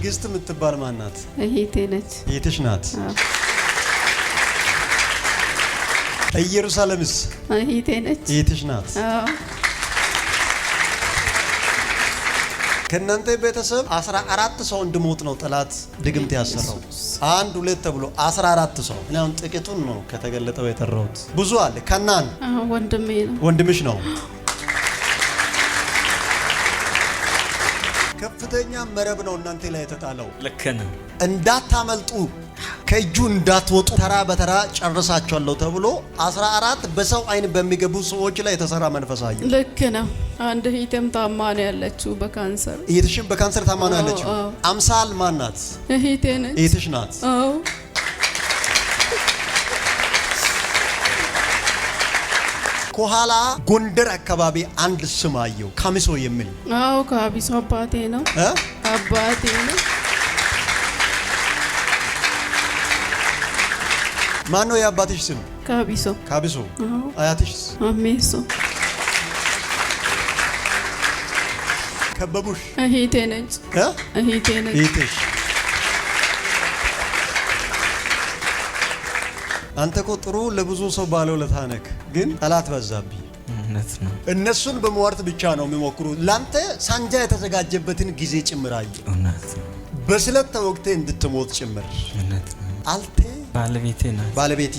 ትዕግስት የምትባል ማናት? እህቴ ነች። እህትሽ ናት። ኢየሩሳሌምስ? እህቴ ነች። እህትሽ ናት። ከእናንተ ቤተሰብ አስራ አራት ሰው እንድሞት ነው ጠላት ድግምት ያሰራው። አንድ ሁለት ተብሎ አስራ አራት ሰው እኔ አሁን ጥቂቱን ነው ከተገለጠው የጠራሁት። ብዙ አለ። ከናን ወንድምሽ ነው ከፍተኛ መረብ ነው እናንተ ላይ የተጣለው። ልክ ነው። እንዳታመልጡ ከእጁ እንዳትወጡ ተራ በተራ ጨርሳቸዋለሁ ተብሎ 14 በሰው አይን በሚገቡ ሰዎች ላይ የተሰራ መንፈስ አየሁ። ልክ ነው። አንድ እህቴም ታማ ነው ያለችው በካንሰር። እህትሽም በካንሰር ታማ ነው ያለችው። አምሳል ማን ናት? ነች። እህትሽ ናት። አዎ ከኋላ ጎንደር አካባቢ አንድ ስም አየው። ካሚሶ የሚል አዎ፣ ካሚሶ አባቴ ነው አባቴ ነው። ማን ነው የአባትሽ ስም? ካቢሶ። ካቢሶ። አያትሽስ? አሜሶ። ከበቡሽ? እህቴ ነች። እህቴ ነች። እህቴሽ። አንተ እኮ ጥሩ ለብዙ ሰው ባለውለታ ነህ። ግን ጠላት በዛብኝ። እውነት ነው። እነሱን በመዋርት ብቻ ነው የሚሞክሩ። ላንተ ሳንጃ የተዘጋጀበትን ጊዜ ጭምር አየ። እውነት ነው። በስለት እንድትሞት ጭምር። እውነት ነው። አልቴ ባለቤቴ ናት። ባለቤቴ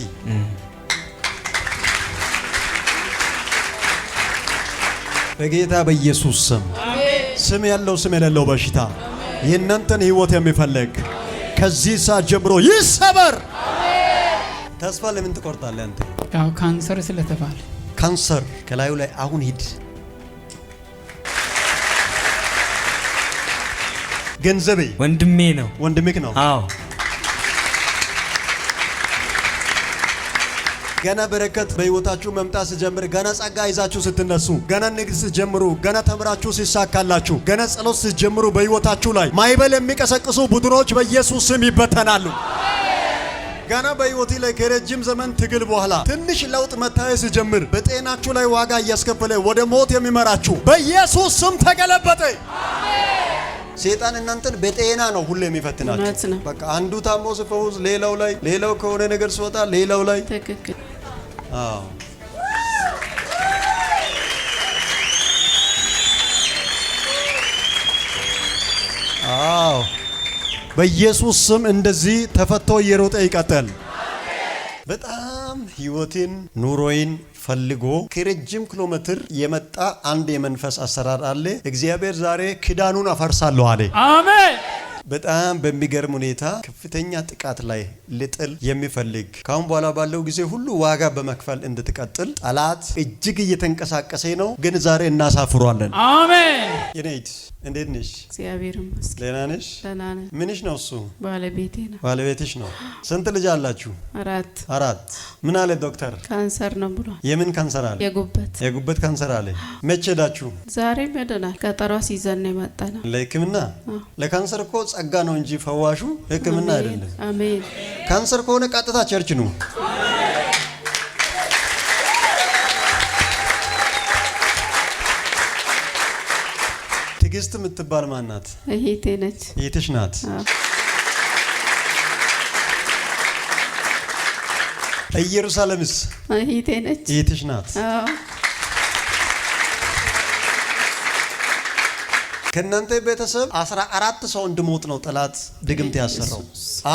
በጌታ በኢየሱስ ስም ስም ያለው ስም የሌለው በሽታ የእናንተን ህይወት የሚፈልግ ከዚህ ሰዓት ጀምሮ ይሰበር። ተስፋ ለምን ትቆርጣለህ አንተ? ያው ካንሰር ስለተባለ ካንሰር ከላዩ ላይ አሁን ሂድ። ገንዘቤ ወንድሜ ነው። ወንድሜክ ነው። አዎ ገና በረከት በህይወታችሁ መምጣት ስጀምር፣ ገና ጸጋ ይዛችሁ ስትነሱ፣ ገና ንግድ ስትጀምሩ፣ ገና ተምራችሁ ሲሳካላችሁ፣ ገና ጸሎት ስትጀምሩ በህይወታችሁ ላይ ማይበል የሚቀሰቅሱ ቡድኖች በኢየሱስ ስም ይበተናሉ። ገና በህይወቴ ላይ ከረጅም ዘመን ትግል በኋላ ትንሽ ለውጥ መታየት ሲጀምር በጤናችሁ ላይ ዋጋ እያስከፈለ ወደ ሞት የሚመራችሁ በኢየሱስ ስም ተገለበጠ። ሴጣን እናንተን በጤና ነው ሁሉ የሚፈትናችሁ። በቃ አንዱ ታሞ ሲፈውስ ሌላው ላይ፣ ሌላው ከሆነ ነገር ሲወጣ ሌላው ላይ። ትክክል። አዎ አዎ በኢየሱስ ስም እንደዚህ ተፈቶ እየሮጠ ይቀጥል። በጣም ህይወቴን ኑሮዬን ፈልጎ ከረጅም ኪሎ ሜትር የመጣ አንድ የመንፈስ አሰራር አለ። እግዚአብሔር ዛሬ ኪዳኑን አፈርሳለሁ አለ። አሜን። በጣም በሚገርም ሁኔታ ከፍተኛ ጥቃት ላይ ልጥል የሚፈልግ ካሁን በኋላ ባለው ጊዜ ሁሉ ዋጋ በመክፈል እንድትቀጥል ጠላት እጅግ እየተንቀሳቀሰ ነው፣ ግን ዛሬ እናሳፍሯለን። አሜን። የኔት እንዴት ነሽ? እግዚአብሔር ይመስገን። ደህና ነሽ? ደህና ነኝ። ምንሽ ነው እሱ? ባለቤቴ ነው። ባለቤትሽ ነው። ስንት ልጅ አላችሁ? አራት። አራት። ምን አለ ዶክተር? ካንሰር ነው ብሏል። የምን ካንሰር አለ? የጉበት የጉበት ካንሰር አለ። መቼ ሄዳችሁ? ዛሬ ሄደናል። ቀጠሮ ሲዘን ነው የመጣነው ለህክምና። ለካንሰር እኮ ጸጋ ነው እንጂ ፈዋሹ ሕክምና አይደለም። ካንሰር ከሆነ ቀጥታ ቸርች ነው። ትዕግስት የምትባል ማናት? እህቴ ነች። እህትሽ ናት። ኢየሩሳሌምስ? እህቴ ነች። እህትሽ ናት። ከእናንተ ቤተሰብ አስራ አራት ሰው እንድሞት ነው ጠላት ድግምት ያሰራው።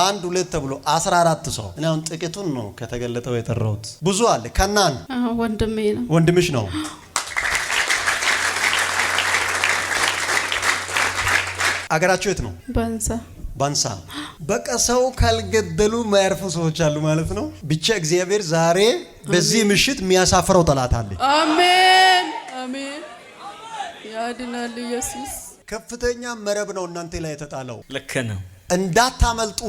አንድ ሁለት ተብሎ አስራ አራት ሰው። እኔ አሁን ጥቂቱን ነው ከተገለጠው የጠራሁት። ብዙ አለ። ከናን ወንድሜ ነው ወንድምሽ ነው። አገራቸው የት ነው? ባንሳ ባንሳ። በቃ ሰው ካልገደሉ ማያርፉ ሰዎች አሉ ማለት ነው። ብቻ እግዚአብሔር ዛሬ በዚህ ምሽት የሚያሳፍረው ጠላት አለ። አሜን አሜን። ያድናል ኢየሱስ። ከፍተኛ መረብ ነው እናንተ ላይ የተጣለው። ልክ ነው። እንዳታመልጡ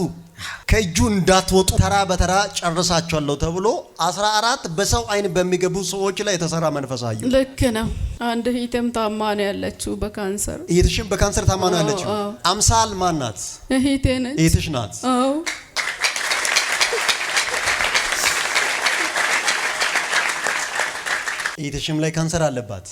ከእጁ እንዳትወጡ ተራ በተራ ጨርሳቸዋለሁ ተብሎ አስራ አራት በሰው አይን በሚገቡ ሰዎች ላይ የተሰራ መንፈስ አየሁ። ልክ ነው። አንድ ሂትም ታማ ነው ያለችው በካንሰር። እህትሽም በካንሰር ታማ ነው ያለችው። አምሳል ማን ናት? እህቴ ነች። ናት። እህትሽም ላይ ካንሰር አለባት።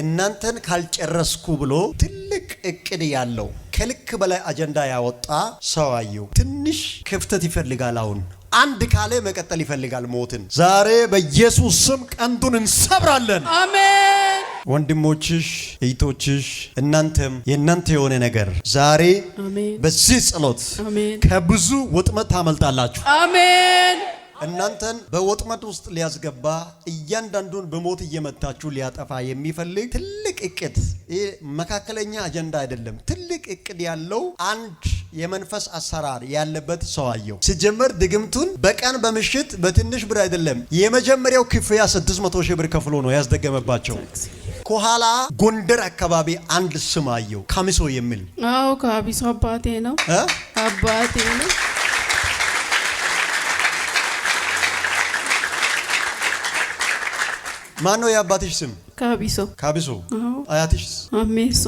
እናንተን ካልጨረስኩ ብሎ ትልቅ እቅድ ያለው ከልክ በላይ አጀንዳ ያወጣ ሰው ትንሽ ክፍተት ይፈልጋል። አሁን አንድ ካለ መቀጠል ይፈልጋል። ሞትን ዛሬ በኢየሱስ ስም ቀንዱን እንሰብራለን። አሜን። ወንድሞችሽ እህቶችሽ፣ እናንተም የእናንተ የሆነ ነገር ዛሬ በዚህ ጸሎት ከብዙ ወጥመት ታመልጣላችሁ። አሜን። እናንተን በወጥመድ ውስጥ ሊያስገባ እያንዳንዱን በሞት እየመታችሁ ሊያጠፋ የሚፈልግ ትልቅ እቅድ፣ ይህ መካከለኛ አጀንዳ አይደለም። ትልቅ እቅድ ያለው አንድ የመንፈስ አሰራር ያለበት አየው። ሲጀመር ድግምቱን በቀን በምሽት በትንሽ ብር አይደለም። የመጀመሪያው ክፍያ 600 ሺህ ብር ከፍሎ ነው ያስደገመባቸው። ከኋላ ጎንደር አካባቢ አንድ ስም አየው፣ ካሚሶ የሚል አዎ፣ ከአቢሶ አባቴ ነው አባቴ ነው ማን ነው የአባትሽ ስም? ካቢሶ። ካቢሶ። አያትሽ? አሜሶ።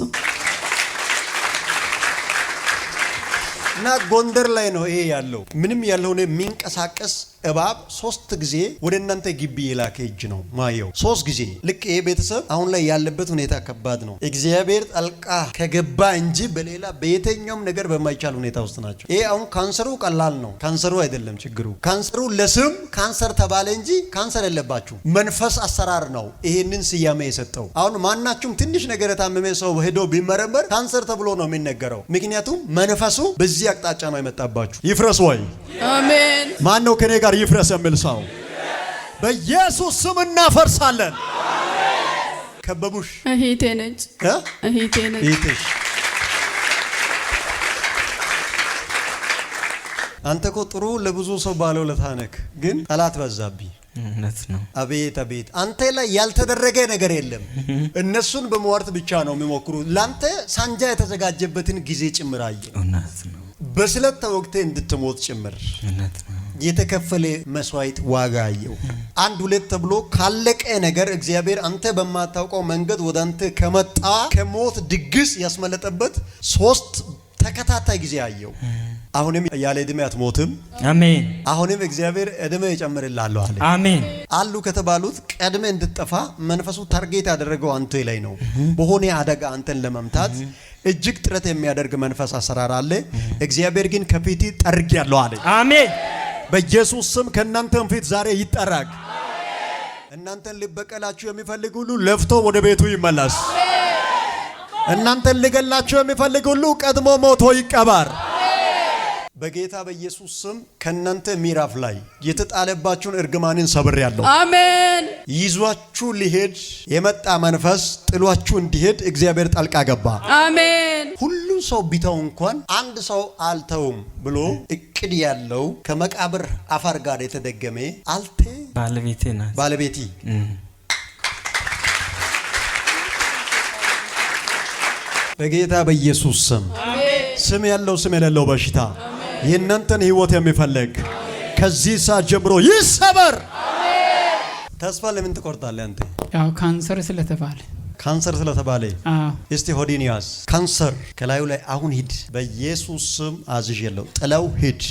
እና ጎንደር ላይ ነው ይሄ ያለው። ምንም ያልሆነ የሚንቀሳቀስ እባብ ሶስት ጊዜ ወደ እናንተ ግቢ የላከ እጅ ነው ማየው ሶስት ጊዜ። ልክ ይሄ ቤተሰብ አሁን ላይ ያለበት ሁኔታ ከባድ ነው። እግዚአብሔር ጣልቃ ከገባ እንጂ በሌላ በየትኛውም ነገር በማይቻል ሁኔታ ውስጥ ናቸው። ይሄ አሁን ካንሰሩ ቀላል ነው። ካንሰሩ አይደለም ችግሩ። ካንሰሩ ለስም ካንሰር ተባለ እንጂ ካንሰር የለባችሁ። መንፈስ አሰራር ነው ይሄንን ስያሜ የሰጠው። አሁን ማናችሁም ትንሽ ነገር የታመመ ሰው ሄዶ ቢመረመር ካንሰር ተብሎ ነው የሚነገረው። ምክንያቱም መንፈሱ በዚህ አቅጣጫ ነው የመጣባችሁ። ይፍረስ ወይ አሜን። ማን ነው ከኔ ጋር ይፍረስ የሚል ሰው? በኢየሱስ ስም እናፈርሳለን። ከበቡሽ እህቴ ነች እህቴ ነች። አንተ እኮ ጥሩ ለብዙ ሰው ባለው ለታነክ ግን ጠላት በዛብኝ። እውነት ነው። አቤት አቤት፣ አንተ ላይ ያልተደረገ ነገር የለም። እነሱን በመዋርት ብቻ ነው የሚሞክሩ። ለአንተ ሳንጃ የተዘጋጀበትን ጊዜ ጭምር አየ። እውነት ነው። በስለት ተወግተህ እንድትሞት ጭምር የተከፈለ መስዋዕት ዋጋ አየው። አንድ ሁለት ተብሎ ካለቀ ነገር እግዚአብሔር አንተ በማታውቀው መንገድ ወደ አንተ ከመጣ ከሞት ድግስ ያስመለጠበት ሶስት ተከታታይ ጊዜ አየው። አሁንም ያለ እድሜ አትሞትም። አሜን። አሁንም እግዚአብሔር እድሜ ይጨምርልሃል አለ። አሜን። አሉ ከተባሉት ቀድመ እንድትጠፋ መንፈሱ ታርጌት ያደረገው አንተ ላይ ነው። በሆነ አደጋ አንተን ለመምታት እጅግ ጥረት የሚያደርግ መንፈስ አሰራር አለ። እግዚአብሔር ግን ከፊት ጠርግ ያለው አለ። አሜን። በኢየሱስ ስም ከእናንተም ፊት ዛሬ ይጠራግ። እናንተን ሊበቀላችሁ የሚፈልግ ሁሉ ለፍቶ ወደ ቤቱ ይመለስ። እናንተን ሊገላችሁ የሚፈልግ ሁሉ ቀድሞ ሞቶ ይቀበር። በጌታ በኢየሱስ ስም ከእናንተ ምዕራፍ ላይ የተጣለባችሁን እርግማንን ያለው አሜን። ይዟችሁ ሊሄድ የመጣ መንፈስ ጥሏችሁ እንዲሄድ እግዚአብሔር ጣልቃ ገባ። አሜን። ሁሉ ሰው ቢተው እንኳን አንድ ሰው አልተውም ብሎ እቅድ ያለው ከመቃብር አፈር ጋር የተደገመ አልቴ ባለቤቴ ናት ባለቤቴ በጌታ በኢየሱስ ስም ስም ያለው ስም የሌለው በሽታ የእናንተን ህይወት የሚፈልግ ከዚህ ሰዓት ጀምሮ ይሰበር። ተስፋ ለምን ትቆርጣለህ አንተ? ያው ካንሰር ስለተባለ ካንሰር ስለተባለ እስቲ ሆዲን ያዝ። ካንሰር ከላዩ ላይ አሁን ሂድ፣ በኢየሱስ ስም አዝዥ የለው ጥለው ሂድ።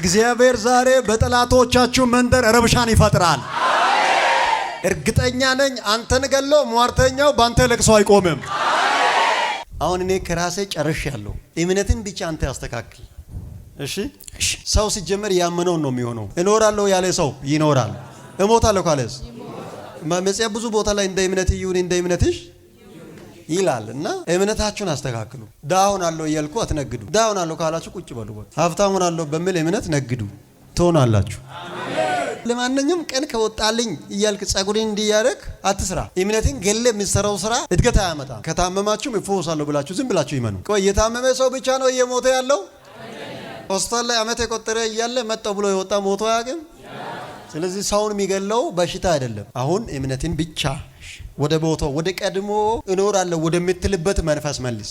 እግዚአብሔር ዛሬ በጠላቶቻችሁ መንደር ረብሻን ይፈጥራል። አሜን። እርግጠኛ ነኝ አንተን ገለው ሟርተኛው በአንተ ለቅሶ አይቆምም። አሁን እኔ ከራሴ ያለው እምነትን ብቻ አንተ ያስተካክል። እሺ ሰው ሲጀመር ያመነውን ነው የሚሆነው። እኖራለሁ ያለ ሰው ይኖራል፣ እሞታለሁ ካለስ መጽሐፍ ብዙ ቦታ ላይ እንደ እምነት ይሁን እንደ እምነትሽ ይላል እና እምነታችሁን አስተካክሉ። ዳሁን ሆናለሁ እያልኩ አትነግዱ። ዳሁን ሆናለሁ ካላችሁ ቁጭ በሉ። ሀብታም ሆናለሁ በሚል እምነት ነግዱ ትሆናላችሁ። ለማንኛውም ቀን ከወጣልኝ እያልክ ጸጉሬን እንዲያደረግ አትስራ። እምነትን ገለ የሚሰራው ስራ እድገት አያመጣም። ከታመማችሁም እፈወሳለሁ ብላችሁ ዝም ብላችሁ ይመኑ። ቆይ የታመመ ሰው ብቻ ነው እየሞተ ያለው? ሆስፒታል ላይ አመት የቆጠረ እያለ መጣው ብሎ የወጣ ሞቶ አያውቅም። ስለዚህ ሰውን የሚገለው በሽታ አይደለም። አሁን እምነትን ብቻ ወደ ቦታው ወደ ቀድሞ እኖራለሁ ወደምትልበት መንፈስ መልስ።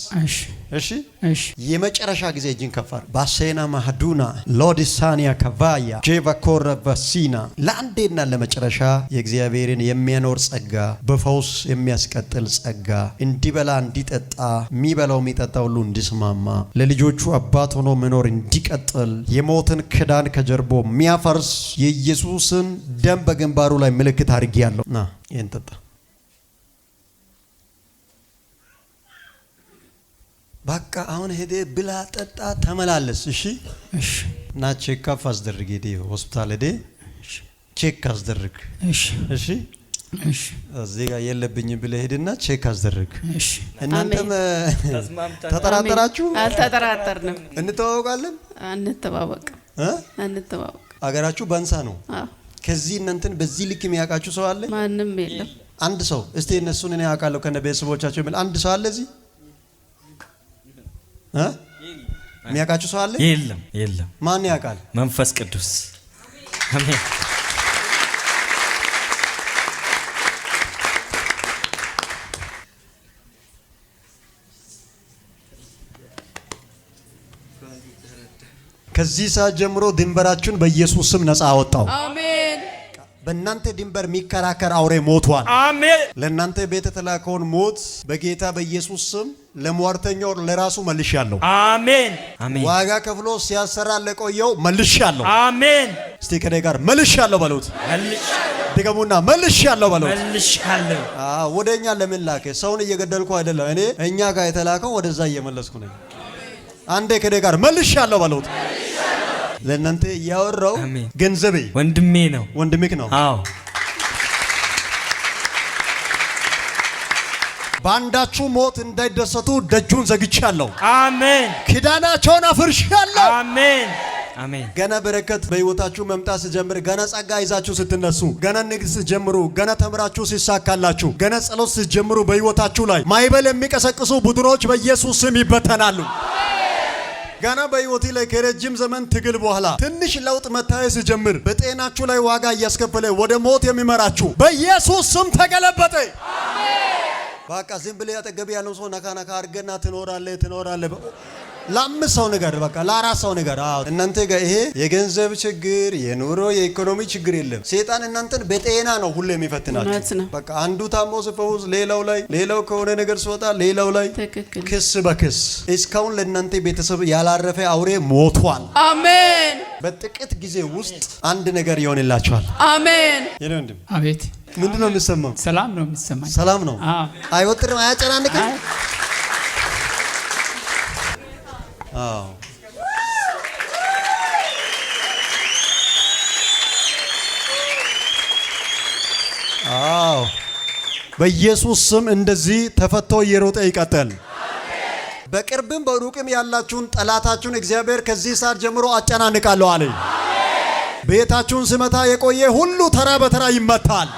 እሺ እሺ። የመጨረሻ ጊዜ እጅን ከፋር ባሴና ማህዱና ሎዲሳኒያ ከቫያ ጄቫኮረ በሲና ለአንዴና ለመጨረሻ የእግዚአብሔርን የሚያኖር ጸጋ በፈውስ የሚያስቀጥል ጸጋ እንዲበላ እንዲጠጣ የሚበላው የሚጠጣ ሁሉ እንዲስማማ ለልጆቹ አባት ሆኖ መኖር እንዲቀጥል የሞትን ክዳን ከጀርቦ የሚያፈርስ የኢየሱስን ደም በግንባሩ ላይ ምልክት አድርጌ ያለው ና ይህን ጠጣ በቃ አሁን ሄደ ብላ ጠጣ ተመላለስ። እሺ እና ቼክ አፕ አስደርግ፣ ሄደ ሆስፒታል ሄደ ቼክ አስደርግ። እሺ እዚህ ጋር የለብኝም ብለህ ሄድና ቼክ አስደርግ። እሺ። እናንተም ተጠራጠራችሁ? አልተጠራጠርንም። እንተዋወቃለን? አንተዋወቅ አንተዋወቅ አገራችሁ ባንሳ ነው። ከዚህ እናንተን በዚህ ልክ የሚያውቃችሁ ሰው አለ? ማንም የለም። አንድ ሰው እስቲ እነሱን እኔ አውቃለሁ ከነ ቤተሰቦቻቸው የሚል አንድ ሰው አለ እዚህ የሚያውቃችሁ ሰው አለ? የለም የለም። ማን ያውቃል? መንፈስ ቅዱስ። ከዚህ ሰዓት ጀምሮ ድንበራችሁን በኢየሱስ ስም ነፃ አወጣው። በእናንተ ድንበር የሚከራከር አውሬ ሞቷል። አሜን። ለእናንተ ቤት የተላከውን ሞት በጌታ በኢየሱስ ስም ለሟርተኛው ለራሱ መልሻለሁ። አሜን። ዋጋ ከፍሎ ሲያሰራ ለቆየው መልሻለሁ። አሜን። እስቲ ከኔ ጋር መልሻለሁ በሉት። ድገሙና መልሻለሁ በሉት። መልሻለሁ። አዎ፣ ወደ እኛ ለምን ላከ? ሰውን እየገደልኩ አይደለም። እኔ እኛ ጋር የተላከው ወደዛ እየመለስኩ ነኝ። አንዴ ከኔ ጋር መልሻለሁ በሉት። ለእናንተ እያወራው ገንዘቤ ወንድሜ ነው፣ ወንድሜክ ነው። አዎ በአንዳችሁ ሞት እንዳይደሰቱ ደጁን ዘግቻለሁ። አሜን። ኪዳናቸውን አፍርሻለሁ። አሜን። አሜን። ገና በረከት በህይወታችሁ መምጣት ስጀምር፣ ገና ጸጋ ይዛችሁ ስትነሱ፣ ገና ንግድ ስትጀምሩ፣ ገና ተምራችሁ ሲሳካላችሁ፣ ገና ጸሎት ስትጀምሩ በህይወታችሁ ላይ ማይበል የሚቀሰቅሱ ቡድኖች በኢየሱስ ስም ይበተናሉ። ገና በህይወቴ ላይ ከረጅም ዘመን ትግል በኋላ ትንሽ ለውጥ መታየት ስጀምር በጤናችሁ ላይ ዋጋ እያስከፈለ ወደ ሞት የሚመራችሁ በኢየሱስ ስም ተገለበጠ። በቃ ዝም ብለህ ያጠገብ ያለው ሰው ነካ ነካ አድርገና ትኖራለ ትኖራለ ለአምስት ሰው ነገር በቃ ለአራት ሰው ነገር። አዎ እናንተ ጋር ይሄ የገንዘብ ችግር የኑሮ የኢኮኖሚ ችግር የለም። ሴጣን እናንተን በጤና ነው ሁሉ የሚፈትናቸው። በቃ አንዱ ታሞ ሲፈውስ ሌላው ላይ፣ ሌላው ከሆነ ነገር ሲወጣ ሌላው ላይ፣ ክስ በክስ እስካሁን ለእናንተ ቤተሰብ ያላረፈ አውሬ ሞቷል። አሜን። በጥቂት ጊዜ ውስጥ አንድ ነገር ይሆንላቸዋል። አሜን። የኔ ወንድም አቤት። ምንድን ነው የሚሰማው? ሰላም ነው የሚሰማኝ። ሰላም ነው። አይወጥርም፣ አያጨናንቅም አዎ በኢየሱስ ስም እንደዚህ ተፈቶ እየሮጠ ይቀጥል። በቅርብም በሩቅም ያላችሁን ጠላታችሁን እግዚአብሔር ከዚህ ሰዓት ጀምሮ አጨናንቃለሁ አለኝ። ቤታችሁን ስመታ የቆየ ሁሉ ተራ በተራ ይመታል።